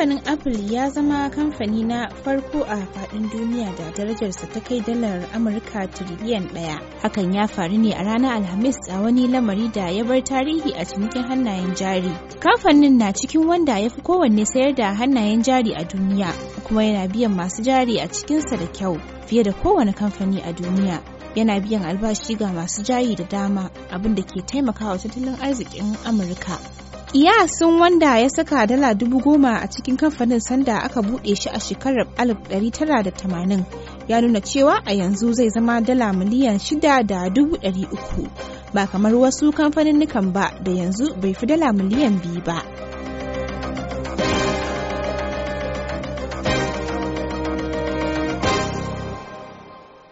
kamfanin apple ya zama kamfani na farko a faɗin duniya da darajarsa ta kai dalar amurka tiriliyan ɗaya hakan ya faru ne a ranar alhamis a wani lamari da ya bar tarihi a cinikin hannayen jari kamfanin na cikin wanda ya fi kowanne sayar da hannayen jari a duniya kuma yana biyan masu jari a cikinsa da kyau fiye da kowane kamfani a duniya yana biyan albashi ga masu jari da dama abin da ke taimakawa tattalin arzikin amurka kiyasin wanda ya saka dala dubu goma a cikin kamfanin sanda aka buɗe shi a shekarar tamanin ya nuna cewa a yanzu zai zama dala miliyan shida da dubu dari uku ba kamar wasu kamfanin ba da yanzu bai fi dala miliyan biyu ba.